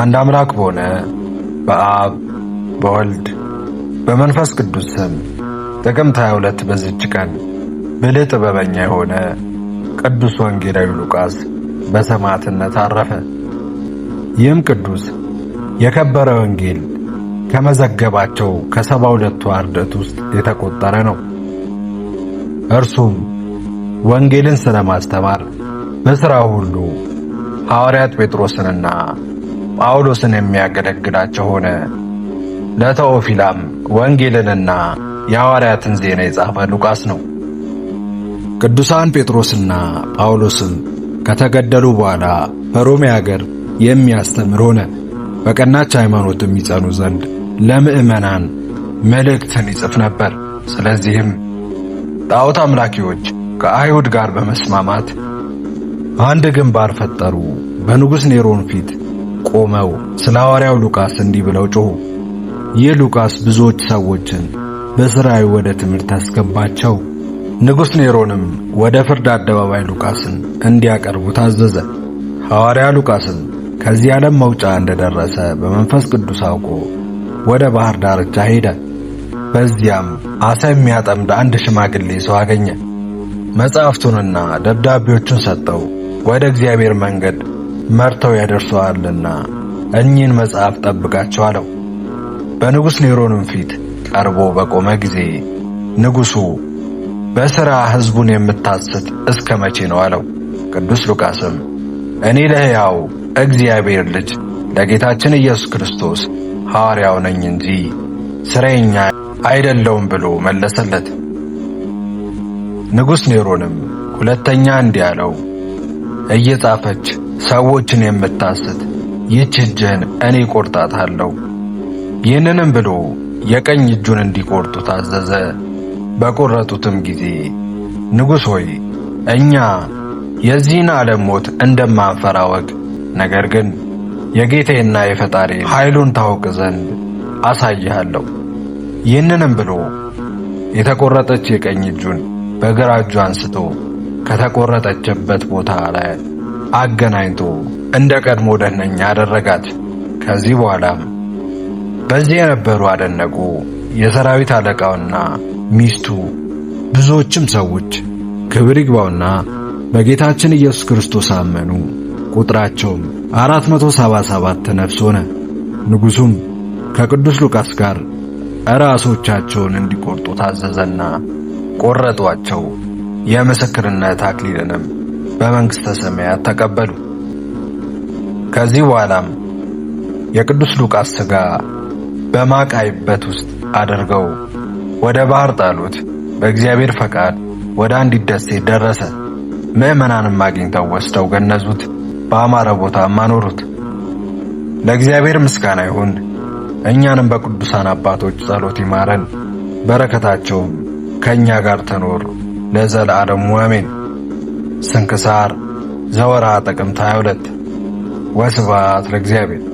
አንድ አምላክ በሆነ በአብ በወልድ በመንፈስ ቅዱስ ስም ጥቅምት 22 በዚች ቀን ብልህ ጥበበኛ የሆነ ቅዱስ ወንጌላዊ ሉቃስ በሰማዕትነት አረፈ። ይህም ቅዱስ የከበረ ወንጌል ከመዘገባቸው ከሰባ ሁለቱ አርደት ውስጥ የተቆጠረ ነው። እርሱም ወንጌልን ስለማስተማር በሥራው ሁሉ ሐዋርያት ጴጥሮስንና ጳውሎስን የሚያገለግላቸው ሆነ። ለተኦፊላም ወንጌልንና የሐዋርያትን ዜና የጻፈ ሉቃስ ነው። ቅዱሳን ጴጥሮስና ጳውሎስም ከተገደሉ በኋላ በሮሜ አገር የሚያስተምር ሆነ። በቀናች ሃይማኖትም የሚጸኑ ዘንድ ለምዕመናን መልእክትን ይጽፍ ነበር። ስለዚህም ጣዖት አምላኪዎች ከአይሁድ ጋር በመስማማት አንድ ግንባር ፈጠሩ። በንጉሥ ኔሮን ፊት ቆመው ስለ ሐዋርያው ሉቃስ እንዲህ ብለው ጮኹ። ይህ ሉቃስ ብዙዎች ሰዎችን በሥራዊ ወደ ትምህርት አስገባቸው። ንጉሥ ኔሮንም ወደ ፍርድ አደባባይ ሉቃስን እንዲያቀርቡ ታዘዘ። ሐዋርያ ሉቃስም ከዚህ ዓለም መውጫ እንደደረሰ በመንፈስ ቅዱስ አውቆ ወደ ባህር ዳርቻ ሄደ። በዚያም ዓሣ የሚያጠምድ አንድ ሽማግሌ ሰው አገኘ። መጻሕፍቱንና ደብዳቤዎቹን ሰጠው። ወደ እግዚአብሔር መንገድ መርተው ያደርሰዋልና እኚህን መጽሐፍ ጠብቃቸው አለው። በንጉሥ ኔሮንም ፊት ቀርቦ በቆመ ጊዜ ንጉሡ በሥራ ሕዝቡን የምታስት እስከ መቼ ነው አለው። ቅዱስ ሉቃስም እኔ ለሕያው እግዚአብሔር ልጅ ለጌታችን ኢየሱስ ክርስቶስ ሐዋርያው ነኝ እንጂ ሥራዬኛ አይደለውም ብሎ መለሰለት። ንጉሥ ኔሮንም ሁለተኛ እንዲህ አለው፣ እየጻፈች ሰዎችን የምታስት ይች እጅህን እኔ ቆርጣታለሁ። ይህንንም ብሎ የቀኝ እጁን እንዲቆርጡ ታዘዘ። በቆረጡትም ጊዜ ንጉሥ ሆይ እኛ የዚህን ዓለም ሞት እንደማንፈራ ወቅ፣ ነገር ግን የጌታዬና የፈጣሪ ኃይሉን ታውቅ ዘንድ አሳይሃለሁ። ይህንንም ብሎ የተቆረጠች የቀኝ እጁን በግራ እጁ አንስቶ ከተቆረጠችበት ቦታ ላይ አገናኝቶ እንደ ቀድሞ ደህነኛ አደረጋት። ከዚህ በኋላም በዚህ የነበሩ አደነቁ። የሰራዊት አለቃውና ሚስቱ ብዙዎችም ሰዎች ክብር ይግባውና በጌታችን ኢየሱስ ክርስቶስ አመኑ። ቁጥራቸውም 477 መቶ ነፍስ ሆነ። ንጉሡም ከቅዱስ ሉቃስ ጋር ራሶቻቸውን እንዲቆርጡ ታዘዘና ቆረጧቸው። የምስክርነት አክሊልንም በመንግሥተ ሰማያት ተቀበሉ። ከዚህ በኋላም የቅዱስ ሉቃስ ሥጋ በማቃይበት ውስጥ አድርገው ወደ ባህር ጣሉት። በእግዚአብሔር ፈቃድ ወደ አንዲት ደሴት ደረሰ። ምእመናንም አግኝተው ወስደው ገነዙት፣ በአማረ ቦታም አኖሩት። ለእግዚአብሔር ምስጋና ይሁን፣ እኛንም በቅዱሳን አባቶች ጸሎት ይማረን፣ በረከታቸውም ከእኛ ጋር ትኖር ለዘላለሙ አሜን። ስንክሳር ዘወርኃ ጥቅምት 22 ወስብሐት ለእግዚአብሔር